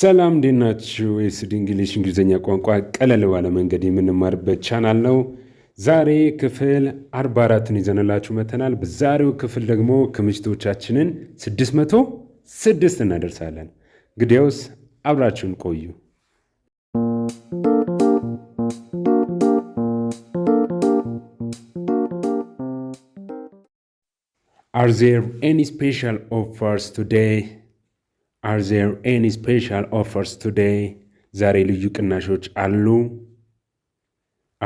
ሰላም እንዴት ናችሁ? የስድ እንግሊሽ እንግሊዝኛ ቋንቋ ቀለል ባለ መንገድ የምንማርበት ቻናል ነው። ዛሬ ክፍል 44ን ይዘንላችሁ መተናል። በዛሬው ክፍል ደግሞ ክምችቶቻችንን 606 እናደርሳለን። እንግዲያውስ አብራችሁን ቆዩ። Are there any special offers today? አር ዜር ኤኒ ስፔሻል ኦፈርስ ቱዴይ? ዛሬ ልዩ ቅናሾች አሉ?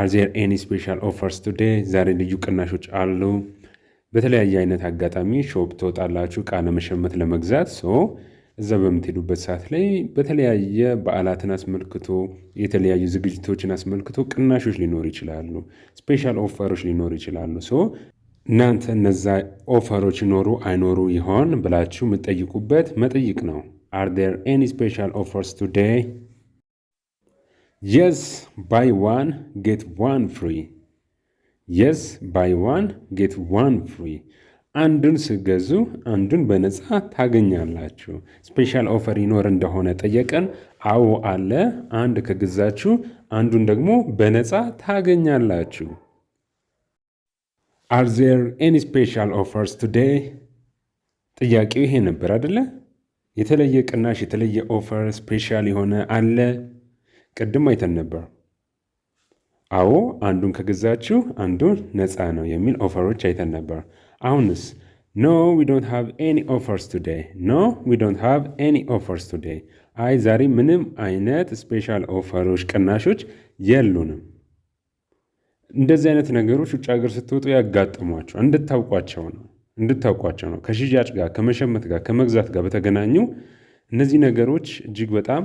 አር ዜር ኤኒ ስፔሻል ኦፈርስ ቱዴይ? ዛሬ ልዩ ቅናሾች አሉ? በተለያየ አይነት አጋጣሚ ሾፕ ትወጣላችሁ ዕቃ ለመሸመት ለመግዛት ሶ እዛ በምትሄዱበት ሰዓት ላይ በተለያየ በዓላትን አስመልክቶ የተለያዩ ዝግጅቶችን አስመልክቶ ቅናሾች ሊኖሩ ይችላሉ። ስፔሻል ኦፈሮች ሊኖሩ ይችላሉ። ሶ እናንተ እነዛ ኦፈሮች ኖሩ አይኖሩ ይሆን ብላችሁ የምትጠይቁበት መጠይቅ ነው። አር ዴር ኤኒ ስፔሻል ኦፈርስ ቱዴይ? የስ ባይ ዋን ጌት ዋን ፍሪ። የስ ባይ ዋን ጌት ዋን ፍሪ። አንዱን ስገዙ አንዱን በነፃ ታገኛላችሁ። ስፔሻል ኦፈር ይኖር እንደሆነ ጠየቀን። አዎ አለ። አንድ ከገዛችሁ አንዱን ደግሞ በነፃ ታገኛላችሁ። አር ዜር ኤኒ ስፔሻል ኦፈርስ ቱዴይ? ጥያቄው ይሄ ነበር አደለ? የተለየ ቅናሽ፣ የተለየ ኦፈር ስፔሻል የሆነ አለ? ቅድም አይተን ነበር። አዎ አንዱን ከገዛችሁ አንዱን ነፃ ነው የሚል ኦፈሮች አይተን ነበር። አሁንስ ኖ ዊ ዶንት ሃቭ ኤኒ ኦፈርስ ቱዴይ። ኖ ዊ ዶንት ሃቭ ኤኒ ኦፈርስ ቱዴይ። አይ ዛሬ ምንም አይነት ስፔሻል ኦፈሮች፣ ቅናሾች የሉንም። እንደዚህ አይነት ነገሮች ውጭ ሀገር ስትወጡ ያጋጥሟቸው እንድታውቋቸው ነው እንድታውቋቸው ነው። ከሽያጭ ጋር ከመሸመት ጋር ከመግዛት ጋር በተገናኙ እነዚህ ነገሮች እጅግ በጣም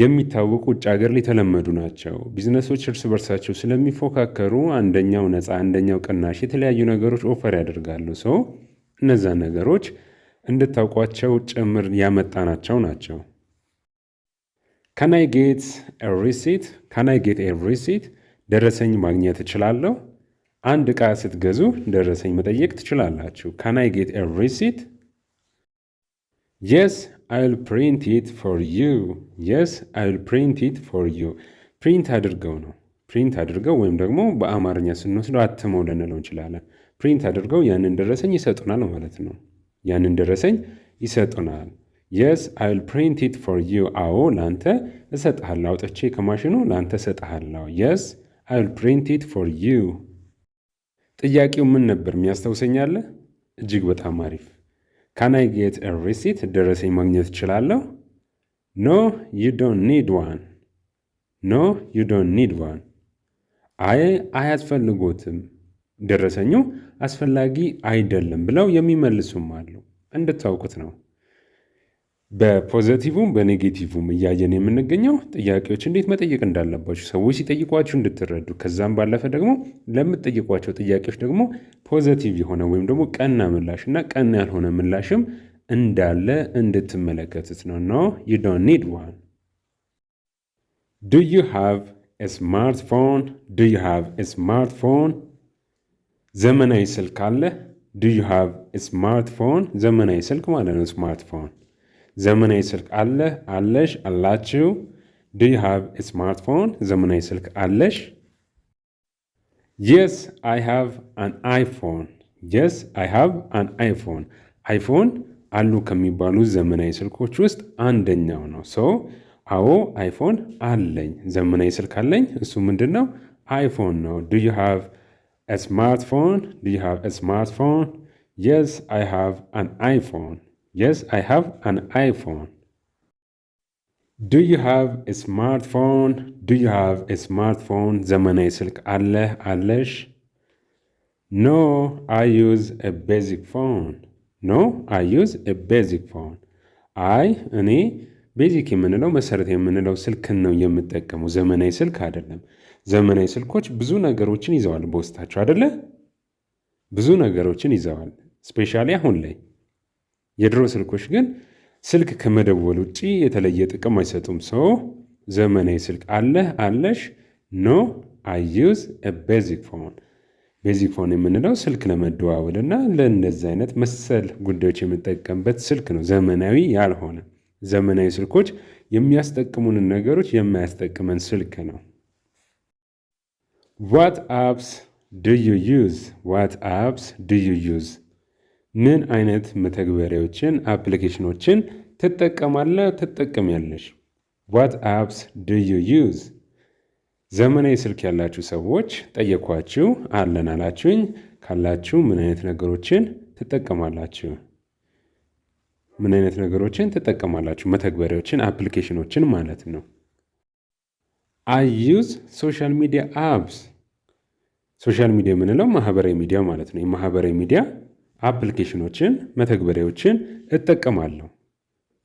የሚታወቁ ውጭ ሀገር ላይ የተለመዱ ናቸው። ቢዝነሶች እርስ በርሳቸው ስለሚፎካከሩ አንደኛው ነፃ፣ አንደኛው ቅናሽ፣ የተለያዩ ነገሮች ኦፈር ያደርጋሉ። ሰው እነዛ ነገሮች እንድታውቋቸው ጭምር ያመጣናቸው ናቸው። ካናይ ጌት ሪሲት ካናይ ጌት ሪሲት ደረሰኝ ማግኘት እችላለሁ። አንድ ዕቃ ስትገዙ ደረሰኝ መጠየቅ ትችላላችሁ። ካን አይ ጌት ኤ ሪሲት? የስ አይል ፕሪንት ኢት ፎር ዩ። የስ አይል ፕሪንት ኢት ፎር ዩ። ፕሪንት አድርገው ነው ፕሪንት አድርገው ወይም ደግሞ በአማርኛ ስንወስደው አትመው ልንለው እንችላለን። ፕሪንት አድርገው ያንን ደረሰኝ ይሰጡናል ማለት ነው። ያንን ደረሰኝ ይሰጡናል። የስ አይል ፕሪንት ኢት ፎር ዩ። አዎ ለአንተ እሰጥሃለሁ፣ አውጥቼ ከማሽኑ ለአንተ እሰጥሃለሁ። የስ አይል ፕሪንት ኢት ፎር ዩ። ጥያቄው ምን ነበር የሚያስታውሰኝ አለ? እጅግ በጣም አሪፍ። ካናይ ጌት ሪሲት ደረሰኝ ማግኘት እችላለሁ? ኖ ዩ ዶንት ኒድ ዋን። ኖ ዩ ዶንት ኒድ ዋን። አይ አያስፈልጎትም፣ ደረሰኙ አስፈላጊ አይደለም ብለው የሚመልሱም አሉ። እንድታውቁት ነው። በፖዘቲቭም በኔጌቲቭም እያየን የምንገኘው ጥያቄዎች እንዴት መጠየቅ እንዳለባችሁ ሰዎች ሲጠይቋችሁ እንድትረዱ ከዛም ባለፈ ደግሞ ለምትጠይቋቸው ጥያቄዎች ደግሞ ፖዘቲቭ የሆነ ወይም ደግሞ ቀና ምላሽ እና ቀና ያልሆነ ምላሽም እንዳለ እንድትመለከቱት ነው። ኖ ዩ ዶንት ኒድ ዋን ዱ ዩ ሃቭ ስማርትፎን ዱ ዩ ሃቭ ስማርትፎን ዘመናዊ ስልክ አለ ዱ ዩ ሃቭ ስማርትፎን ዘመናዊ ስልክ ማለት ነው ስማርትፎን ዘመናዊ ስልክ አለ አለሽ አላችሁ? ዱ ዩ ሃቭ ስማርትፎን? ዘመናዊ ስልክ አለሽ? የስ አይ ሃቭ አን አይፎን። የስ አይ ሃቭ አን አይፎን። አይፎን አሉ ከሚባሉ ዘመናዊ ስልኮች ውስጥ አንደኛው ነው። ሶ አዎ አይፎን አለኝ፣ ዘመናዊ ስልክ አለኝ። እሱ ምንድን ነው? አይፎን ነው። ዱ ዩ ሃቭ ስማርትፎን? ዱ ዩ ሃቭ ስማርትፎን? የስ አይ ሃቭ አን አይፎን Yes, I have an iPhone. Do you have a smartphone? Do you have a smartphone? ዘመናዊ ስልክ አለህ አለሽ? ኖ I use a basic phone. No, I use a basic phone. አይ እኔ ቤዚክ የምንለው መሰረት የምንለው ስልክን ነው የምጠቀመው፣ ዘመናዊ ስልክ አይደለም። ዘመናዊ ስልኮች ብዙ ነገሮችን ይዘዋል በውስጣቸው አይደለ? ብዙ ነገሮችን ይዘዋል፣ ስፔሻሊ አሁን ላይ የድሮ ስልኮች ግን ስልክ ከመደወል ውጭ የተለየ ጥቅም አይሰጡም። ሰው ዘመናዊ ስልክ አለህ አለሽ? ኖ አይ ዩዝ ቤዚክ ፎን። ቤዚክ ፎን የምንለው ስልክ ለመደዋወል እና ለእነዚህ አይነት መሰል ጉዳዮች የምንጠቀምበት ስልክ ነው። ዘመናዊ ያልሆነ ዘመናዊ ስልኮች የሚያስጠቅሙንን ነገሮች የማያስጠቅመን ስልክ ነው። ዋት አፕስ ዱ ዩ ዩዝ? ዋት አፕስ ዱ ዩ ዩዝ ምን አይነት መተግበሪያዎችን አፕሊኬሽኖችን ትጠቀማለህ ትጠቀሚያለሽ? ዋት አፕስ ዱ ዩ ዩዝ? ዘመናዊ ስልክ ያላችሁ ሰዎች ጠየኳችሁ፣ አለን አላችሁኝ። ካላችሁ ምን አይነት ነገሮችን ትጠቀማላችሁ? ምን አይነት ነገሮችን ትጠቀማላችሁ? መተግበሪያዎችን አፕሊኬሽኖችን ማለት ነው። አይ ዩዝ ሶሻል ሚዲያ አፕስ። ሶሻል ሚዲያ የምንለው ማህበራዊ ሚዲያ ማለት ነው። የማህበራዊ ሚዲያ አፕሊኬሽኖችን መተግበሪያዎችን እጠቀማለሁ።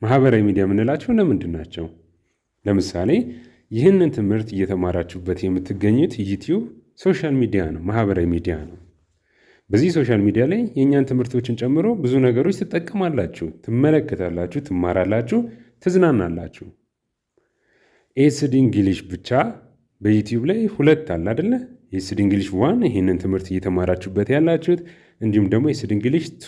ማህበራዊ ሚዲያ የምንላቸው ለምንድን ናቸው? ለምሳሌ ይህንን ትምህርት እየተማራችሁበት የምትገኙት ዩቲዩብ ሶሻል ሚዲያ ነው፣ ማህበራዊ ሚዲያ ነው። በዚህ ሶሻል ሚዲያ ላይ የእኛን ትምህርቶችን ጨምሮ ብዙ ነገሮች ትጠቀማላችሁ፣ ትመለከታላችሁ፣ ትማራላችሁ፣ ትዝናናላችሁ። ኤስድ እንግሊሽ ብቻ በዩቲዩብ ላይ ሁለት አለ አደለ? የስድ እንግሊሽ ዋን ይህንን ትምህርት እየተማራችሁበት ያላችሁት እንዲሁም ደግሞ የስድ እንግሊሽ ቱ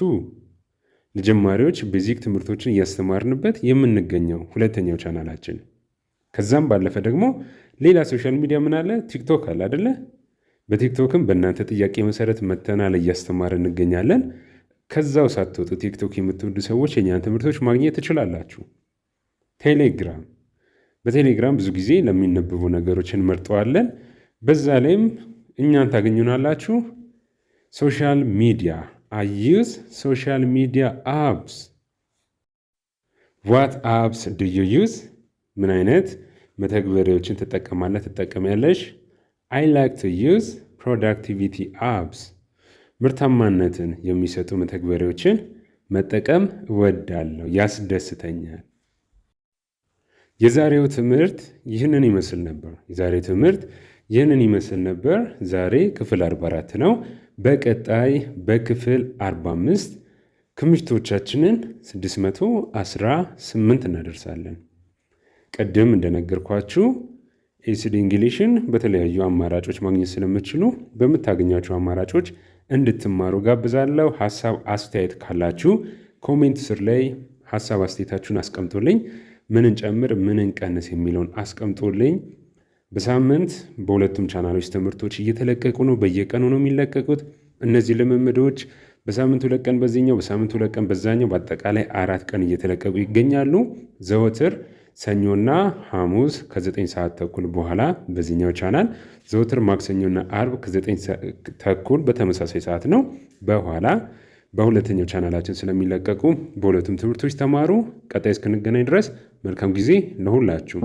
ለጀማሪዎች ቤዚክ ትምህርቶችን እያስተማርንበት የምንገኘው ሁለተኛው ቻናላችን። ከዛም ባለፈ ደግሞ ሌላ ሶሻል ሚዲያ ምን አለ? ቲክቶክ አለ አደለ? በቲክቶክም በእናንተ ጥያቄ መሰረት መተናል እያስተማር እንገኛለን። ከዛው ሳትወጡ ቲክቶክ የምትወዱ ሰዎች የኛን ትምህርቶች ማግኘት ትችላላችሁ። ቴሌግራም፣ በቴሌግራም ብዙ ጊዜ ለሚነበቡ ነገሮችን መርጠዋለን። በዛ ላይም እኛን ታገኙናላችሁ። ሶሻል ሚዲያ አይዩዝ ሶሻል ሚዲያ አፕስ ዋት አፕስ ዱ ዩ ዩዝ ምን አይነት መተግበሪያዎችን ትጠቀማለህ ትጠቀሚያለሽ? አይ ላይክ ቱ ዩዝ ፕሮዳክቲቪቲ አፕስ ምርታማነትን የሚሰጡ መተግበሪያዎችን መጠቀም እወዳለሁ፣ ያስደስተኛል። የዛሬው ትምህርት ይህንን ይመስል ነበር። የዛሬው ትምህርት ይህንን ይመስል ነበር። ዛሬ ክፍል 44 ነው። በቀጣይ በክፍል 45 ክምችቶቻችንን 618 እናደርሳለን። ቅድም እንደነገርኳችሁ ኤሲድ እንግሊሽን በተለያዩ አማራጮች ማግኘት ስለምችሉ በምታገኛቸው አማራጮች እንድትማሩ ጋብዛለሁ። ሀሳብ አስተያየት ካላችሁ ኮሜንት ስር ላይ ሀሳብ አስተያየታችሁን አስቀምጦልኝ፣ ምንን ጨምር ምንን እንቀንስ የሚለውን አስቀምጦልኝ በሳምንት በሁለቱም ቻናሎች ትምህርቶች እየተለቀቁ ነው። በየቀኑ ነው የሚለቀቁት እነዚህ ልምምዶች። በሳምንት ሁለት ቀን በዚህኛው፣ በሳምንት ሁለት ቀን በዛኛው፣ በአጠቃላይ አራት ቀን እየተለቀቁ ይገኛሉ። ዘወትር ሰኞና ሐሙስ ከዘጠኝ ሰዓት ተኩል በኋላ በዚህኛው ቻናል፣ ዘወትር ማክሰኞና አርብ ከዘጠኝ ተኩል በተመሳሳይ ሰዓት ነው በኋላ በሁለተኛው ቻናላችን ስለሚለቀቁ በሁለቱም ትምህርቶች ተማሩ። ቀጣይ እስክንገናኝ ድረስ መልካም ጊዜ ለሁላችሁ።